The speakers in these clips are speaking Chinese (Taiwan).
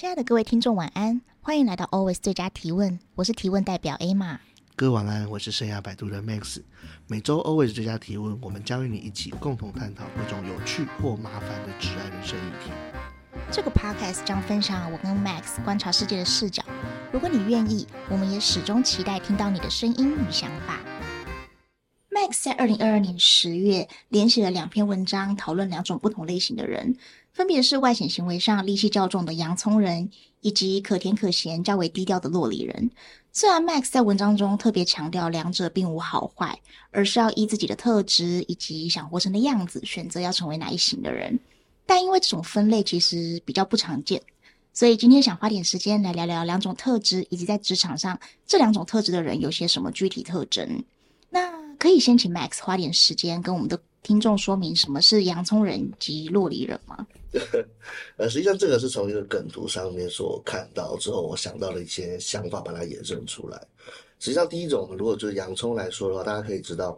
親愛的各位聽眾，晚安！歡迎來到 Always 最佳提問，我是提問代表 Emma。各位晚安，我是生涯擺渡的 Max。每週 Always 最佳提問，我們將與你一起共同探討各種有趣或麻煩的職涯人生議題。這個 podcast 將分享我跟 Max 觀察世界的視角。如果你願意，我們也始終期待聽到你的聲音與想法。Max 在二零二二年十月連寫了兩篇文章，討論兩種不同類型的人。分別是外顯行為上戾氣較重的洋蔥人，以及可甜可鹹、較為低調的酪梨人。雖然 Max 在文章中特別強調兩者並無好壞，而是要依自己的特質以及想活成的樣子，選擇要成為哪一型的人。但因為這種分類其實比較不常見，所以今天想花點時間來聊聊兩種特質，以及在職場上這兩種特質的人有些什麼具體特徵。那可以先請 Max 花點時間跟我們的聽眾說明什麼是洋蔥人及酪梨人嗎？ 對，呃，實際上這個是從一個梗圖上面所看到之後，我想到了一些想法，把它衍生出來。實際上，第一種，如果就是洋蔥來說的話，大家可以知道，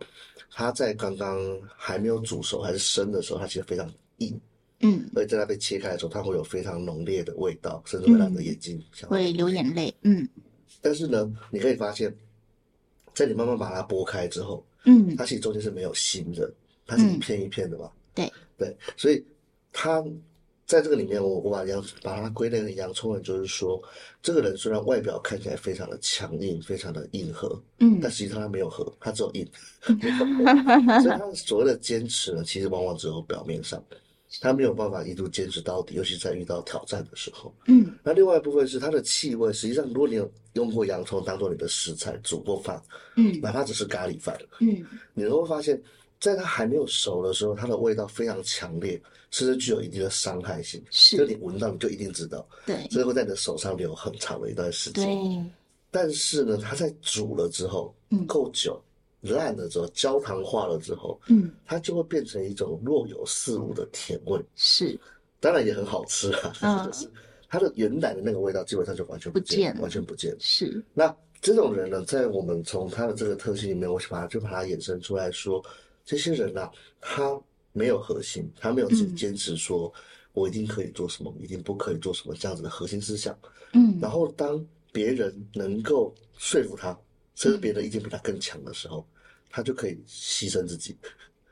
它在剛剛還沒有煮熟還是生的時候，它其實非常硬，嗯，所以在它被切開的時候，它會有非常濃烈的味道，甚至會讓你的眼睛、嗯、想會流眼淚，嗯。但是呢，你可以發現，在你慢慢把它剝開之後，嗯，它其實中間是沒有心的，它是一片一片的嘛，嗯、對對，所以。他在這個裡面，我我把他洋把它歸類成洋蔥呢，就是說，這個人雖然外表看起來非常的強硬，非常的硬核，嗯，但實際上他沒有核，他只有硬，嗯。 所以他所謂的堅持呢，其實往往只有表面上，他沒有辦法一度堅持到底，尤其在遇到挑戰的時候，嗯。那另外一部分是他的氣味，實際上如果你有用過洋蔥當做你的食材煮過飯，嗯，哪怕只是咖喱飯，嗯，你都會發現。在它還沒有熟的時候，它的味道非常強烈，甚至具有一定的傷害性。是，就你聞到你就一定知道。對，所以會在你的手上留很長的一段時間。但是呢，它在煮了之後，嗯，夠久爛了之後，焦糖化了之後，嗯，它就會變成一種若有似無的甜味。嗯。是，當然也很好吃啊，嗯 就是嗯。它的原本的那個味道基本上就完全不見，不見了，完全不見了。是，那這種人呢，在我們從它的這個特性裡面，我把它就把它衍生出來說。這些人啊，他沒有核心，他沒有自己堅持說，嗯、我一定可以做什麼，一定不可以做什麼這樣子的核心思想。嗯，然後當別人能夠說服他，這個別人已經比他更強的時候、嗯，他就可以犧牲自己，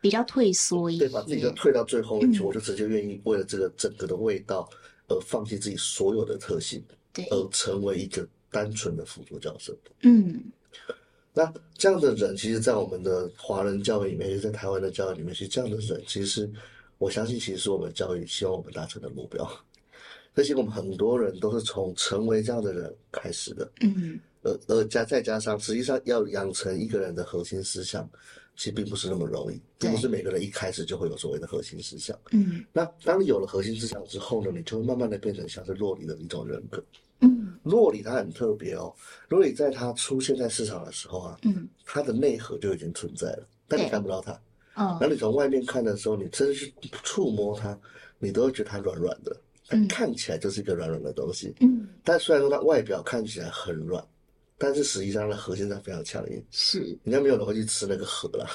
比較退縮一點，oh, 對，把自己就退到最後、嗯，我就直接願意為了這個整個的味道而放棄自己所有的特性，對、嗯，而成為一個單純的輔助角色。嗯。那這樣的人，其實，在我們的華人教育裡面，也在台灣的教育裡面，是這樣的人。其實，我相信，其實是我們教育希望我們達成的目標。而且，我們很多人都是從成為這樣的人開始的。嗯。而而加再加上，實際上要養成一個人的核心思想，其實並不是那麼容易，並不是每個人一開始就會有所謂的核心思想。嗯。那當你有了核心思想之後呢，你就會慢慢的變成像是酪梨的一種人格。酪梨它很特別哦，酪梨在它出現在市場的時候啊，它、嗯、的內核就已經存在了，嗯、但你看不到它。啊、欸，那你從外面看的時候，你真是觸摸它、嗯，你都會覺得它軟軟的，看起來就是一個軟軟的東西。嗯，但雖然說它外表看起來很軟，嗯、但是實際上它核心上非常強硬。是，人家沒有人會去吃那個核了，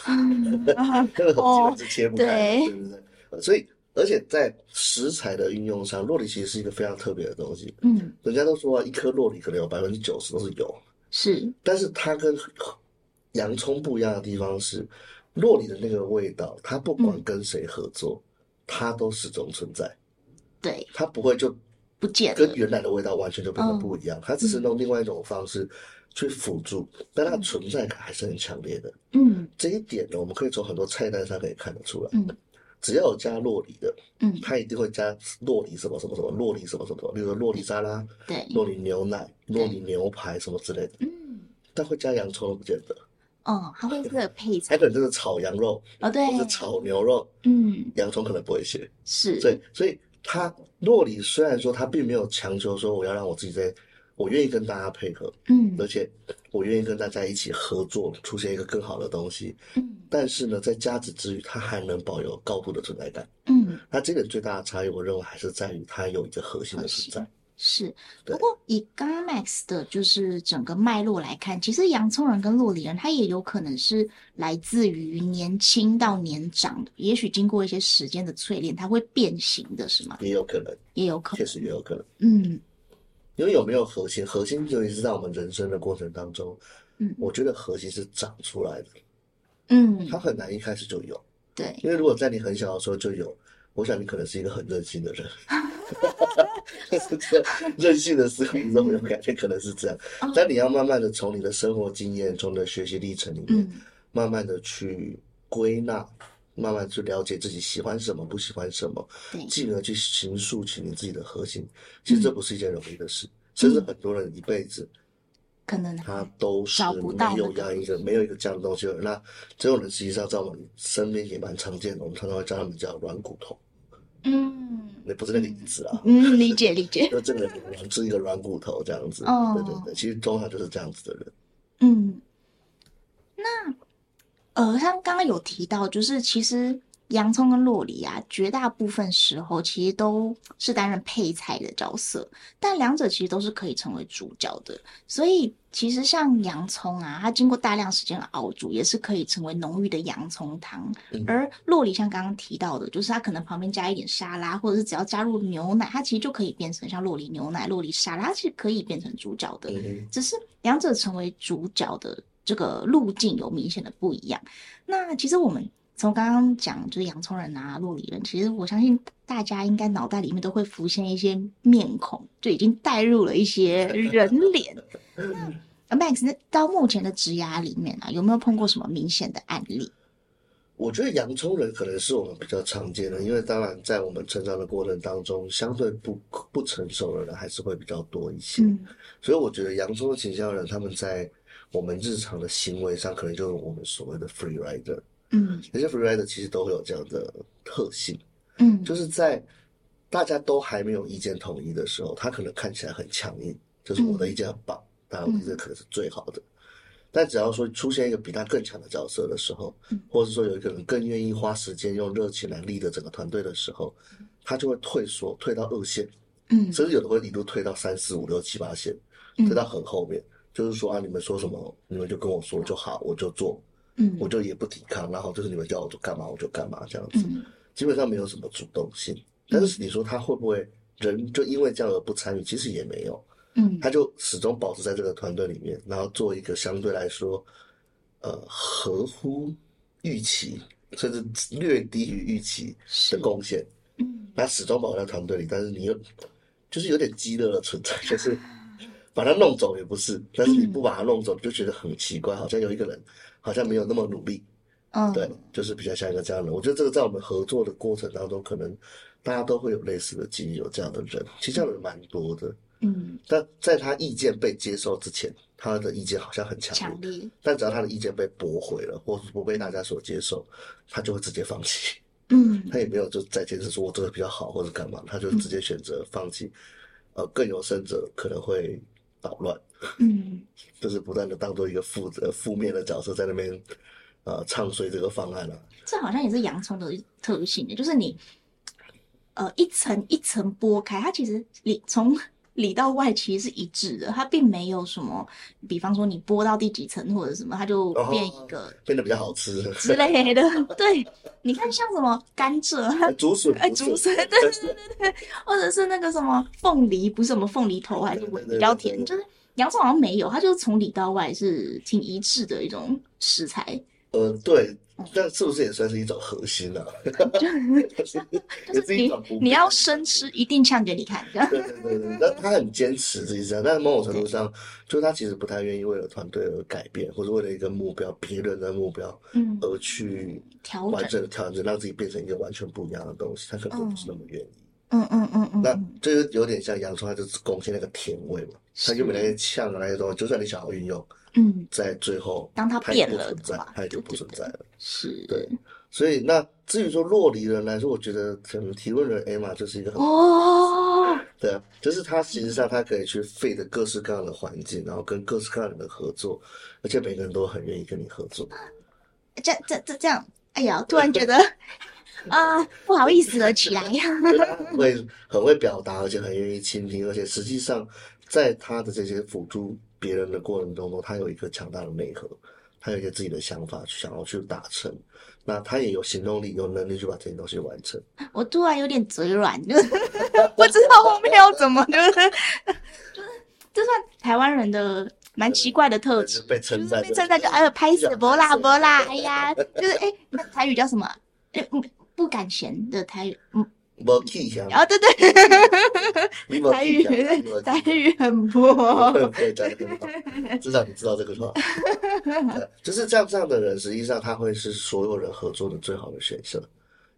那個核基本是切不開，對是不對？所以。而且在食材的運用上，酪梨其實是一個非常特別的東西。嗯，人家都說一顆酪梨可能有百分之九十都是油。是，但是它跟洋蔥不一樣的地方是，酪、嗯、梨的那個味道，它不管跟誰合作、嗯，它都始終存在。對、嗯，它不會就不見，跟原來的味道完全就變得不一樣。嗯、它只是用另外一種方式去輔助、嗯，但它存在感還是很強烈的。嗯，這一點呢，我們可以從很多菜單上可以看得出來。嗯。只要有加酪梨的，嗯，他一定會加酪梨什麼什麼什麼，酪梨什麼什麼什麼，例如酪梨沙拉，對，酪梨牛奶，酪梨牛排什麼之類的，嗯，但會加洋蔥不見得，哦，他會這個配菜，還可能就是炒羊肉，哦對，或者炒牛肉，嗯，洋蔥可能不會寫，是，所以，所以它，酪梨雖然說它並沒有強求說我要讓我自己在。我願意跟大家配合，嗯，而且我願意跟大家一起合作，出現一個更好的東西，嗯。但是呢，在家子之餘，它還能保有高度的存在感，嗯。那這個最大的差異，我認為還是在於它有一個核心的存在。是，是。不過以剛剛 Max 的就是整個脈絡來看，其實洋蔥人跟酪梨人，他也有可能是來自於年輕到年長的，也許經過一些時間的淬煉，它會變形的，是嗎？也有可能。也有可能。確實也有可能。嗯。因為有沒有核心？核心就是在我們人生的過程當中。嗯，我覺得核心是長出來的。嗯，它很難一開始就有。對，因為如果在你很小的時候就有，我想你可能是一個很任性的人。是這樣，任性的時候，你都沒有感覺可能是這樣、哦。但你要慢慢的從你的生活經驗，嗯、從你的學習歷程裡面，嗯、慢慢的去歸納。慢慢去了解自己喜歡什麼，不喜歡什麼，對，進而去形塑起你自己的核心、嗯。其實這不是一件容易的事，嗯、甚至很多人一輩子，可、嗯、能他都是沒有這樣一個沒有一個這樣的東西。那這種人實際上在我們身邊也蠻常見的，我們常常會叫他們叫軟骨頭。嗯，那不是那個意思啊。嗯，理解理解。 就這個人是一個軟骨頭這樣子、哦，對對對，其實通常就是這樣子的人。嗯，那。呃，像剛剛有提到，就是其實洋蔥跟酪梨啊，絕大部分時候其實都是擔任配菜的角色，但兩者其實都是可以成為主角的。所以其實像洋蔥啊，它經過大量時間熬煮，也是可以成為濃郁的洋蔥湯。嗯、而酪梨像剛剛提到的，就是它可能旁邊加一點沙拉，或者是只要加入牛奶，它其實就可以變成像酪梨牛奶、酪梨沙拉，它其實可以變成主角的、嗯。只是兩者成為主角的。這個路徑有明顯的不一樣。那其實我們從剛剛講，就是洋蔥人啊、酪梨人，其實我相信大家應該腦袋裡面都會浮現一些面孔，就已經帶入了一些人臉。 那 Max，那到目前的職涯裡面啊，有沒有碰過什麼明顯的案例？我覺得洋蔥人可能是我們比較常見的，因為當然在我們成長的過程當中，相對不不成熟的人還是會比較多一些。嗯、所以我覺得洋蔥的形象人他們在。我們日常的行為上，可能就是我們所謂的 free rider，嗯，那些 free rider 其實都會有這樣的特性，嗯，就是在大家都還沒有意見統一的時候，他可能看起來很強硬，就是我的意見很棒，當、嗯、然我這可能是最好的、嗯，但只要說出現一個比他更強的角色的時候，嗯、或者說有一個人更願意花時間用熱情來立的整個團隊的時候，他就會退縮，退到二線，嗯，甚至有的會一度退到三四五六七八線，退到很後面。嗯嗯就是說啊，你們說什麼，你們就跟我說就好，我就做，嗯，我就也不抵抗，然後就是你們叫我幹嘛我就幹嘛這樣子，基本上沒有什麼主動性。但是你說他會不會人就因為這樣而不參與？其實也沒有，嗯，他就始終保持在這個團隊裡面，然後做一個相對來說，呃，合乎預期，甚至略低於預期的貢獻，嗯，他始終保持在團隊裡，但是你又就是有點雞肋的存在，就是。把他弄走也不是，但是你不把他弄走，你就覺得很奇怪，嗯，好像有一個人，好像沒有那麼努力。嗯、對，就是比較像一個這樣的人。我覺得這個在我們合作的過程當中，可能大家都會有類似的記憶，有這樣的人。其實這樣的人蠻多的。嗯，但在他意見被接受之前，他的意見好像很強烈。強烈。但只要他的意見被駁回了，或是不被大家所接受，他就會直接放棄。嗯，他也沒有就再堅持說我做的比較好或者幹嘛，他就直接選擇放棄。嗯、呃，更有甚者可能會。搗亂，嗯，就是不斷的當做一個負責負面的角色在那邊，呃，唱衰這個方案了啊。嗯，這好像也是洋蔥的特性，就是你，呃，一層一層剝開，它其實你從裡到外其實是一致的，它並沒有什麼，比方說你剝到第幾層或者什麼，它就變一個哦哦哦，變得比較好吃之類的。 對，你看像什麼甘蔗、竹筍，竹筍，對對對對，或者是那個什麼鳳梨，不是什麼鳳梨頭，還是尾比較甜。對對對對，就是洋蔥好像沒有，它就是從裡到外是挺一致的一種食材。呃，對、嗯，但是不是也算是一種核心呢、啊？ 就是你，是你，你要生吃，一定嗆給你看。 對對對那 他很堅持自己這樣，但是某種程度上，對對對就是他其實不太願意為了團隊而改變，對對對或者為了一個目標，別人的目標，嗯，而去調整、調整，讓自己變成一個完全不一樣的東西，他可能不是那麼願意。嗯嗯嗯嗯，那這個有點像洋蔥，它就是貢獻那個甜味嘛，他就沒那麼嗆，那些東西，就算你想要運用。嗯，在最後在，當他變了，他也就不存在了、嗯。是，對，所以那至於說酪梨人來說，我覺得可能提問人 Emma 就是一個很，哦。對啊，就是他實際上他可以去 fit 的各式各樣的環境，然後跟各式各樣的合作，而且每個人都很願意跟你合作。嗯、這這這這樣，哎呀，突然覺得 啊，不好意思了起來呀。會 很會表達，而且很願意傾聽，而且實際上在他的這些輔助。別人的過程中，他有一個強大的內核，他有一些自己的想法去想要去達成，那他也有行動力，有能力去把這些東西完成。我突然有點嘴軟， 不知道後面要怎麼，就是就這算台灣人的蠻奇怪的特質，嗯就是、被稱讚就是、被稱讚就哎呦拍死不啦不啦，啦，哎呀 就是哎那台語叫什麼？哎不不敢閒的台語嗯。我聽一下。啊對對。待遇待遇很薄。對，待遇很薄 話。至少你知道這個錯、 呃。就是這樣，這樣的人實際上他會是所有人合作的最好的選擇，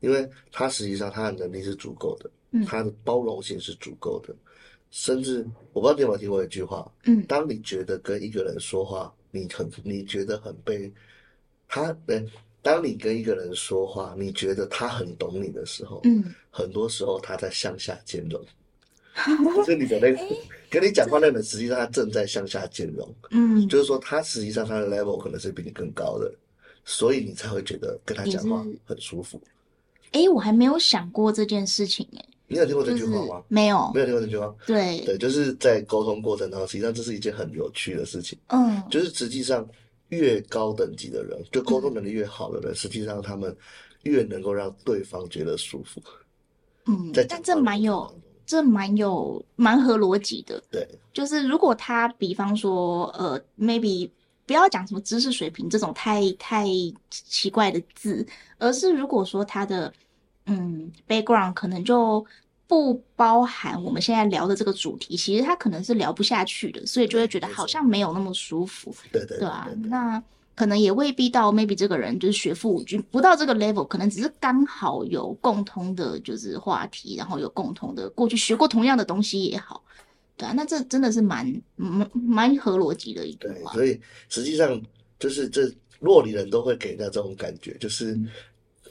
因為他實際上他的能力是足夠的、嗯，他的包容性是足夠的，甚至我不知道你有沒有聽過一句話，嗯，當你覺得跟一個人說話，你很你覺得很被他的。呃當你跟一個人說話，你覺得他很懂你的時候，嗯，很多時候他在向下兼容，就 你的那個 欸、跟你講話那個人，實際上他正在向下兼容，嗯，就是說他實際上他的 level 可能是比你更高的，所以你才會覺得跟他講話很舒服。哎、欸，我還沒有想過這件事情哎、欸。你有聽過這句話嗎？就是、沒有，沒有聽過這句話。對對，就是在溝通過程當中，實際上這是一件很有趣的事情。嗯，就是實際上。越高等級的人，就溝通能力越好的人，嗯，實際上他們越能夠讓對方覺得舒服。嗯，但這蠻有，這蠻有蠻合邏輯的。對，就是如果他，比方說，呃，maybe 不要講什麼知識水平這種太太奇怪的字，而是如果說他的嗯 background 可能就。不包含我們現在聊的這個主題，其實他可能是聊不下去的，所以就會覺得好像沒有那麼舒服。對對對，對啊對對對對，那可能也未必到 maybe 這個人就是學富五車，不到這個 level，可能只是剛好有共同的就是話題，然後有共同的過去學過同樣的東西也好。對啊，那這真的是蠻蠻蠻合邏輯的一個話。對，所以實際上就是這酪梨人都會給他這種感覺，就是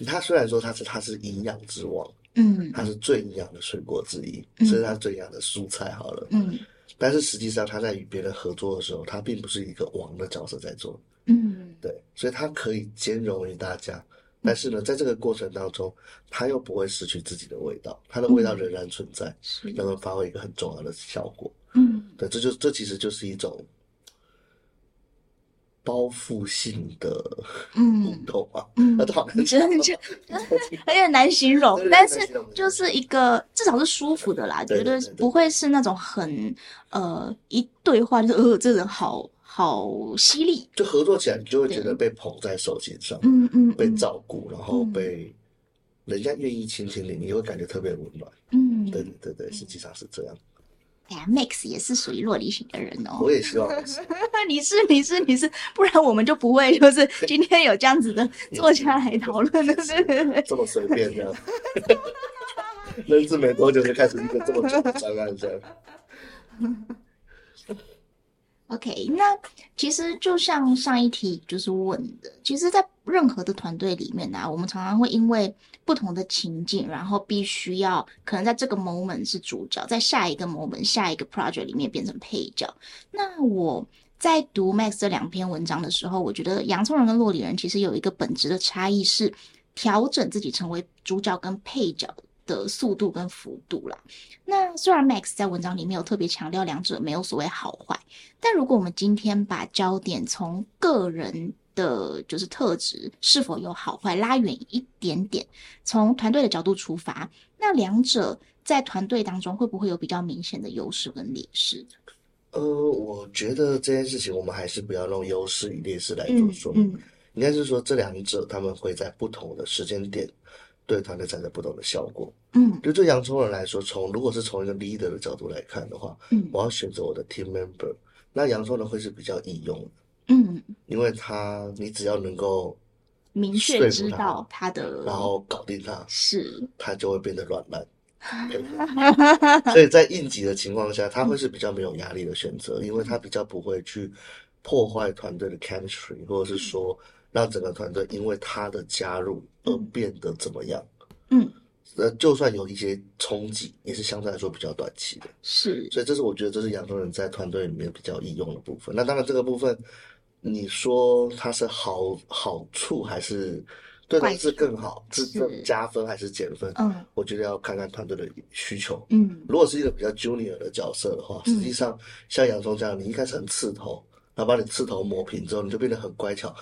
他雖然說他是他是營養之王。嗯，它是最營養的水果之一，甚、嗯、至它最營養的蔬菜好了。嗯，但是實際上，它在與別人合作的時候，它並不是一個王的角色在做。嗯，對，所以它可以兼容於大家，嗯、但是呢，在這個過程當中，它又不會失去自己的味道，它的味道仍然存在，讓、嗯、它發揮一個很重要的效果。嗯，對，這就這其實就是一種。包覆性的嗯，互動啊，真的就有點難形容。 難形容，但是就是一個至少是舒服的啦，對對對對，絕對不會是那種很呃，一對話就是哦、呃、這個、人好好犀利，就合作起來你就會覺得被捧在手心上，嗯嗯，被照顧，然後被人家願意親近你，你會感覺特別溫暖，嗯，對對對，實際上是這樣。哎呀、啊、Max 也是屬於酪梨型的人哦。我也希望是 你是。你是你是你是，不然我們就不會就是今天有這樣子的作家來討論是 這麼隨便的樣。認識沒多久就是開始一個這麼長的專案這樣。 OK，那其實就像上一題就是問的，其實，在任何的團隊裡面啊，我們常常會因為不同的情境，然後必須要可能在這個 moment 是主角，在下一個 moment、下一個 project 裡面變成配角。那我在讀 Max 這兩篇文章的時候，我覺得洋蔥人跟酪梨人其實有一個本質的差異是，調整自己成為主角跟配角。的速度跟幅度啦。那雖然 Max 在文章裡面有特別強調兩者沒有所謂好壞，但如果我們今天把焦點從個人的就是特質是否有好壞拉遠一點點，從團隊的角度出發，那兩者在團隊當中會不會有比較明顯的優勢跟劣勢？呃，我覺得這件事情我們還是不要用優勢與劣勢來這麼說，嗯嗯，應該是說這兩者他們會在不同的時間點。對團隊產生不同的效果。嗯，對，對洋蔥人來說，從如果是從一個 leader 的角度來看的話，嗯，我要選擇我的 team member，那洋蔥人會是比較易用的。嗯，因為他你只要能夠明確知道他的，然後搞定他，是，他就會變得軟爛。 所以在應急的情況下，他會是比較沒有壓力的選擇，因為他比較不會去破壞團隊的 chemistry，或者是說。讓整個團隊因為他的加入而變得怎麼樣？嗯，呃，就算有一些衝擊，也是相對來說比較短期的。是，所以這是我覺得這是洋蔥人在團隊裡面比較易用的部分。那當然這個部分，你說他是好好處還是對他是更好，乖乖是加分還是減分？嗯，我覺得要看看團隊的需求。嗯，如果是一個比較 junior 的角色的話，嗯、實際上像洋蔥這樣，你一開始很刺頭、嗯，然後把你刺頭磨平之後，你就變得很乖巧。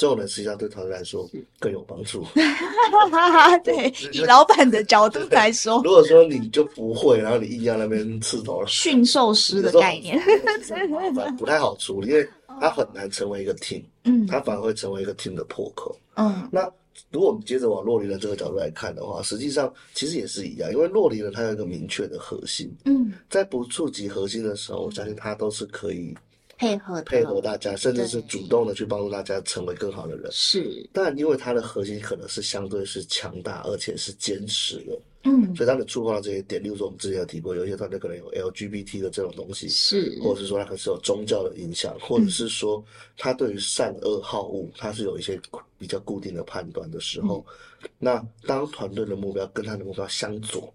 這種人實際上對團隊來說更有幫助。嗯、 對，以老板的角度來說對對對，如果說你就不會，然後你硬要那邊刺頭，馴獸師的概念， 不太好處理，因為他很難成為一個 team，嗯，他反而會成為一個 team 的破口。嗯，那如果我們接着往酪梨人這個角度來看的話，實際上其實也是一樣，因為酪梨人它有一個明確的核心，嗯，在不觸及核心的時候，我相信他都是可以。配合配合大家，配合大家，甚至是主動的去幫助大家成為更好的人。是，但因為他的核心可能是相對是強大，而且是堅持的。嗯，所以當你觸碰到這些點，例如說我們之前有提過，有一些團隊可能有 LGBT 的這種東西，是，或者是說他可能是有宗教的影響，或者是說他對於善惡好惡、嗯，他是有一些比較固定的判斷的時候，嗯，那當團隊的目標跟他的目標相左。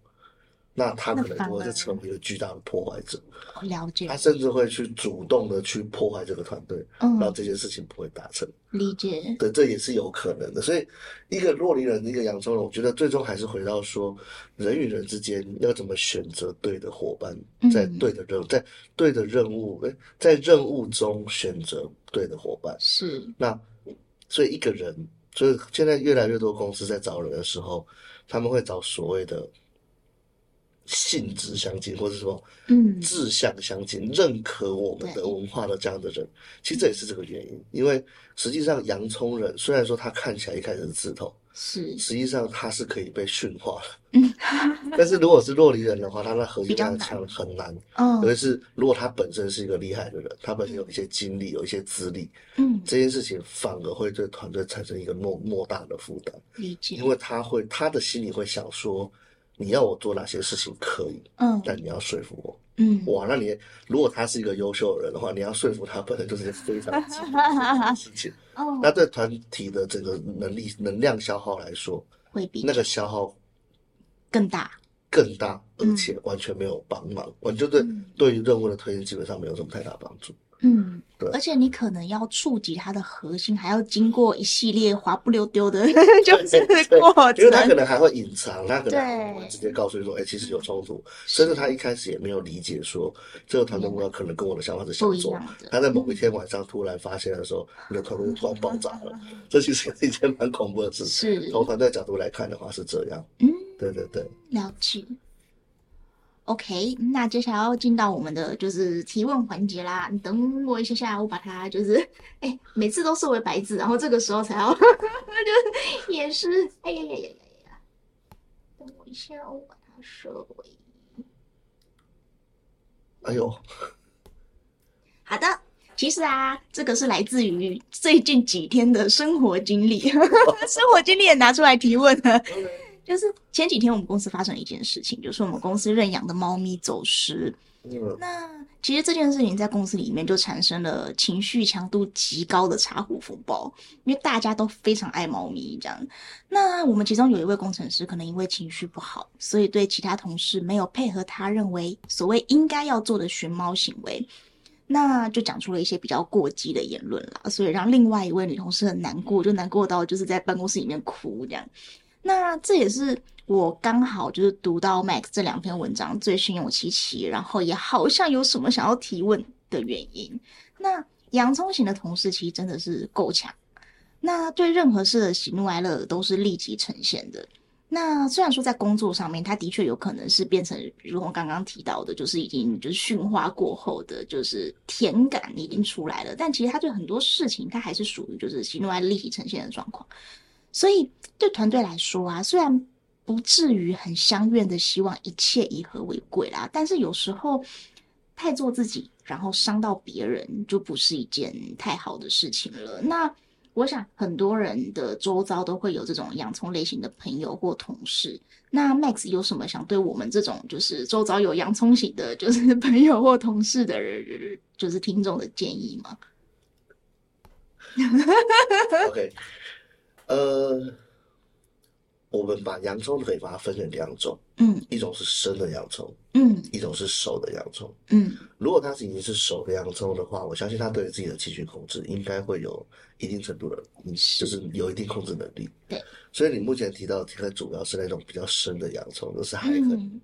那他可能就會成為一個巨大的破壞者。了解。他甚至會去主動的去破壞這個團隊，讓、嗯、這件事情不會達成。理解。對，這也是有可能的。所以，一個酪梨人，一個洋蔥人，我覺得最終還是回到說，人與人之間要怎麼選擇對的夥伴，在對的任務、嗯，在對的任務，在任務中選擇對的夥伴。是。那，所以一個人，所以現在越來越多公司在找人的時候，他們會找所謂的性質相近，或者說，嗯，志向相近、嗯，認可我們的文化的這樣的人，其實這也是這個原因。因為實際上洋，洋蔥人雖然說他看起來一開始是刺頭，是，實際上他是可以被馴化的、嗯。但是如果是酪梨人的話，他的核心非常強，很難。嗯，尤其是如果他本身是一個厲害的人、嗯，他本身有一些經歷，有一些資歷。嗯，這件事情反而會對團隊產生一個莫莫大的負擔。理解，因為他會他的心裡會想說。你要我做哪些事情可以？嗯，但你要說服我。嗯，哇，那你如果他是一個優秀的人的話，嗯、你要說服他，本身就是一件非常棘手的事情。哦， 那對團體的這個能力、能量消耗來說，會比那個消耗更大。更大，而且完全沒有幫忙、嗯，我覺得對於任務的推進基本上沒有什麼太大幫助。嗯，對。而且你可能要觸及它的核心，還要經過一系列滑不溜丟的，就是 過程，因為他可能還會隱藏，他可能對直接告訴你說，哎、欸，其實有衝突。甚至他一開始也沒有理解說，這個團隊目標可能跟我的想法是相左。他在某一天晚上突然發現的時候，你、嗯、的團隊突然爆炸了， 這其實是一件蠻恐怖的事情。從團隊角度來看的話是這樣。嗯。對對對，了解。OK，那接下來要進到我們的就是提問環節啦。你等我一下下，我把它就是，哎、欸，每次都設為白字，然後這個時候才要， 就是也是，哎呀呀呀呀呀，等我一下，我把它設為。哎呦，好的。其實啊，這個是來自於最近幾天的生活經歷， 生活經歷也拿出來提問了。 就是前幾天我們公司發生了一件事情，就是我們公司認養的貓咪走失。那其實這件事情在公司裡面就產生了情緒強度極高的茶壺風暴，因為大家都非常愛貓咪這樣。那我們其中有一位工程師，可能因為情緒不好，所以對其他同事沒有配合他認為所謂應該要做的尋貓行為，那就講出了一些比較過激的言論啦，所以讓另外一位女同事很難過，就難過到就是在辦公室裡面哭這樣。那這也是我剛好就是讀到 Max 這兩篇文章最，最心有戚戚，然後也好像有什麼想要提問的原因。那洋蔥型的同事其實真的是夠嗆。那對任何事的喜怒哀樂都是立即呈現的。那雖然說在工作上面，他的確有可能是變成，如同剛剛提到的，就是已經就是馴化過後的，就是甜感已經出來了。但其實他對很多事情，他還是屬於就是喜怒哀樂立即呈現的狀況。所以對團隊來說啊，雖然不至於很鄉願的希望一切以和為貴啦，但是有時候太做自己，然後傷到別人，就不是一件太好的事情了。那我想很多人的周遭都會有這種洋蔥類型的朋友或同事。那 Max 有什麼想對我們這種就是周遭有洋蔥型的，就是朋友或同事的人，就是聽眾的建議嗎 ？OK。呃，我們把洋蔥可以把它分成兩種，嗯，一種是生的洋蔥，嗯，一種是熟的洋蔥，嗯。如果他是已經是熟的洋蔥的話，我相信他對自己的情緒控制應該會有一定程度的，嗯，就是有一定控制能力。對，所以你目前提到的，題材主要是那種比較生的洋蔥，就是還很、嗯、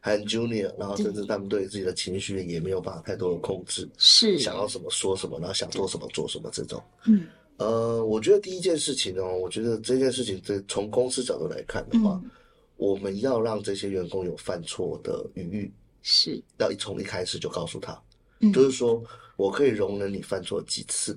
還很 junior，然後甚至他們對自己的情緒也沒有辦法太多的控制，是想要什麼說什麼，然後想做什麼做什麼這種，嗯。嗯呃，我覺得第一件事情呢，我覺得這件事情，這從公司角度來看的話、嗯，我們要讓這些員工有犯錯的餘裕，是，要一從一開始就告訴他，嗯、就是說我可以容忍你犯錯幾次，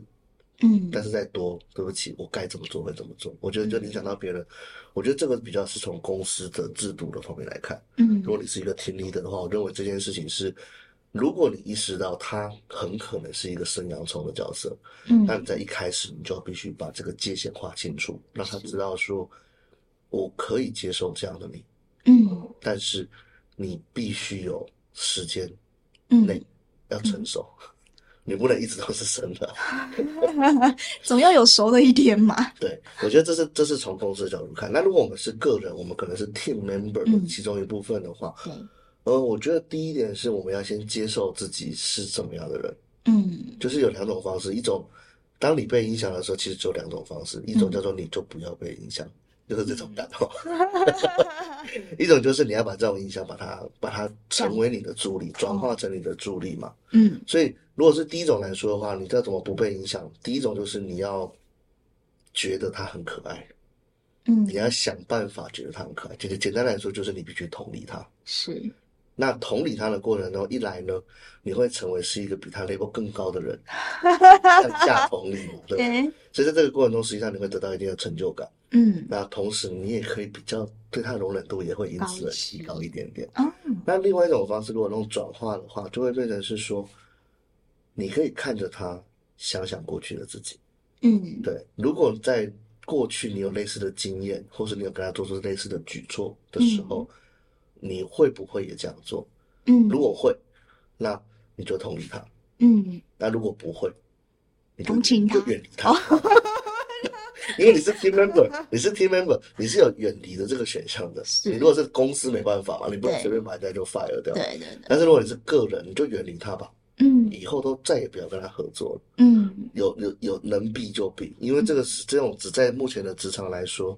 嗯，但是再多，對不起，我該怎麼做會怎麼做。我覺得就影響到別人、嗯，我覺得這個比較是從公司的制度的方面來看。嗯，如果你是一個聽力的的話，我認為這件事情是。如果你意識到他很可能是一個生洋蔥的角色，嗯，那在一開始你就要必須把這個界限劃清楚，讓他知道說，我可以接受這樣的你，嗯，但是你必須有時間內，嗯，要成熟，嗯，你不能一直都是生的，哈哈哈，總要有熟的一天嘛。對，我覺得這是這是從公司的角度看，那如果我們是個人，我們可能是 team member 的其中一部分的話，嗯嗯呃，我覺得第一點是我們要先接受自己是怎麼樣的人，嗯，就是有兩種方式，一種當你被影響的時候，其實就兩種方式，一種叫做你就不要被影響，嗯、就是這種感受，嗯、 一種就是你要把這種影響把它把它成為你的助力、嗯，轉化成你的助力嘛，嗯，所以如果是第一種來說的話，你要怎麼不被影響？第一種就是你要覺得他很可愛，嗯，你要想辦法覺得他很可愛，簡簡單來說就是你必須同理他，是。那同理他的過程中，一來呢，你會成為是一個比他 level 更高的人，哈哈哈，向下同理，對、欸。所以在這個過程中，實際上你會得到一定的成就感。嗯。那同時，你也可以比較對他的容忍度也會因此提高一點點。哦、嗯。那另外一種方式，如果那種轉化的話，就會變成是說，你可以看着他，想想過去的自己。嗯。對，如果在過去你有類似的經驗、嗯，或是你有跟他做出類似的舉措的時候。嗯你會不會也這樣做？嗯，如果會，那你就同意他。嗯，那如果不會，你就遠離他。他哦、 因為你是 team member， 你是 team member，你是有遠離的這個選項的。你如果是公司沒辦法嘛，你不能隨便買單就 fire 掉。對對,對。但是如果你是個人，你就遠離他吧。嗯。以後都再也不要跟他合作了。嗯。有有有能避就避，嗯、因為這個是這種只在目前的職場來說。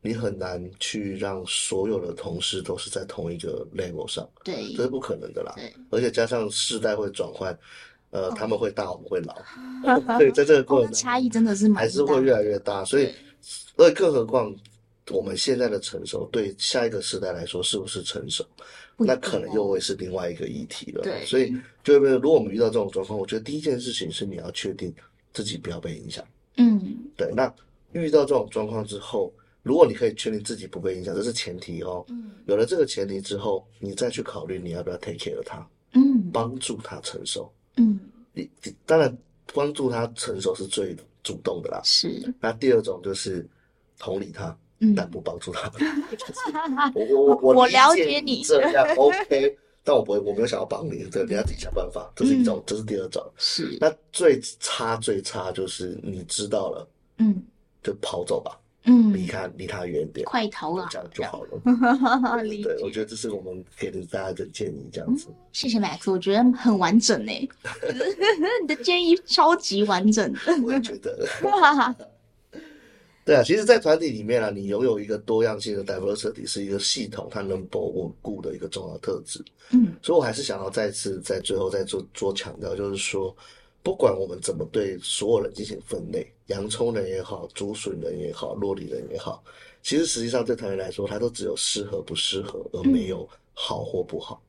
你很難去讓所有的同事都是在同一個 level 上，對，這是不可能的啦。而且加上世代會轉換，哦、呃，他們會大，哦、我們會老，對、哦，在這個過程中，哦，差異真的是蠻大，還是會越來越大。所以，所以更何況我們現在的成熟，對下一個世代來說是不是成熟，那可能又會是另外一個議題了。對，所以，就是如果我們遇到這種狀況，我覺得第一件事情是你要確定自己不要被影響。嗯，對。那遇到這種狀況之後。如果你可以確定自己不被影響，這是前提哦。嗯，有了這個前提之後，你再去考慮你要不要 take care 他，嗯，幫助他承受，嗯，你，你當然幫助他承受是最主動的啦。是。那第二種就是同理他，嗯、但不幫助他。嗯、 我我我我了解你這樣你 OK，但我不會，我沒有想要幫你，這你要自己想辦法。這是一種、嗯，這是第二種。是。那最差最差就是你知道了，嗯，就跑走吧。離他離他遠點，快逃了，這樣就好了、啊對。對，我覺得這是我們給的大家的建議，這樣子、嗯。謝謝 Max，我覺得很完整呢、欸。 你的建議超級完整。我也覺得。 對啊，其實，在團體裡面啊，你擁有一個多樣性的 diversity 是一個系統，它能否穩固的一個重要特質。嗯，所以我還是想要再次在最後再做做強調，就是說。不管我們怎麼對所有人進行分類，洋蔥人也好，竹筍人也好，酪梨人也好，其實實際上對團隊來說，他都只有適合不適合，而沒有好或不好。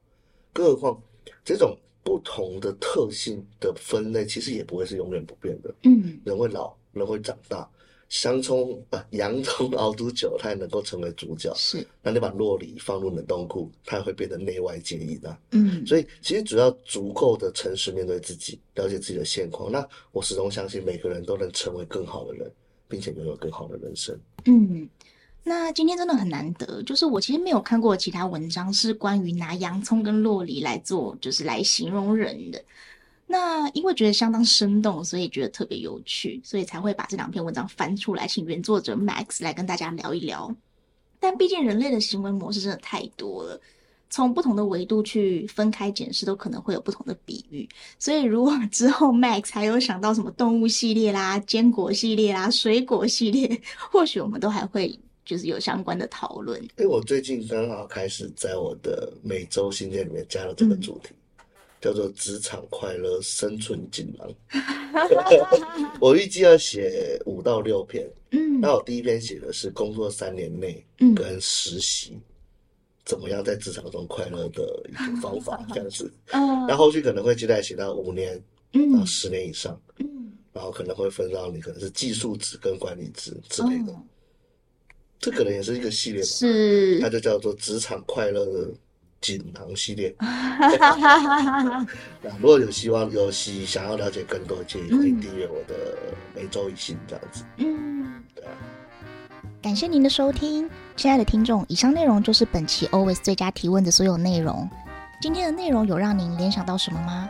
更何況這種不同的特性的分類，其實也不會是永遠不變的。嗯，人會老，人會長大。香蔥啊、呃，洋蔥熬煮，久，它也能夠成為主角。是，那你把酪梨放入冷凍庫，它也會變得內外皆宜的。嗯，所以其實只要足夠的誠實面對自己，了解自己的現況，那我始終相信每個人都能成為更好的人，並且擁有更好的人生。嗯，那今天真的很難得，就是我其實沒有看過其他文章是關於拿洋蔥跟酪梨來做，就是來形容人的。那因為覺得相當生動，所以覺得特別有趣，所以才會把這兩篇文章翻出來，請原作者 Max 來跟大家聊一聊。但畢竟人類的行為模式真的太多了，從不同的維度去分開檢視，都可能會有不同的比喻。所以如果之後 Max 還有想到什麼動物系列啦、堅果系列啦、水果系列，或許我們都還會就是有相關的討論。哎，我最近剛好開始在我的每周信件裡面加入這個主題。嗯叫做《職場快樂生存錦囊，》 我預計要寫五到六篇。嗯，那我第一篇寫的是工作三年內，跟實習、嗯、怎麼樣在職場中快樂的一個方法、嗯，這樣子。嗯，那後，後續可能會接著寫到五年，嗯，十年以上，嗯，然後可能會分到你可能是技術職跟管理職之類的、嗯。這可能也是一個系列吧，是，它就叫做《職場快樂》。錦囊系列 那 如果有希望有希想要了解更多，建議可以訂閱我的每周一信這樣子嗯。嗯，對。感謝您的收聽，親愛的聽眾。以上內容就是本期 Always 最佳提問的所有內容。今天的內容有讓您聯想到什麼嗎？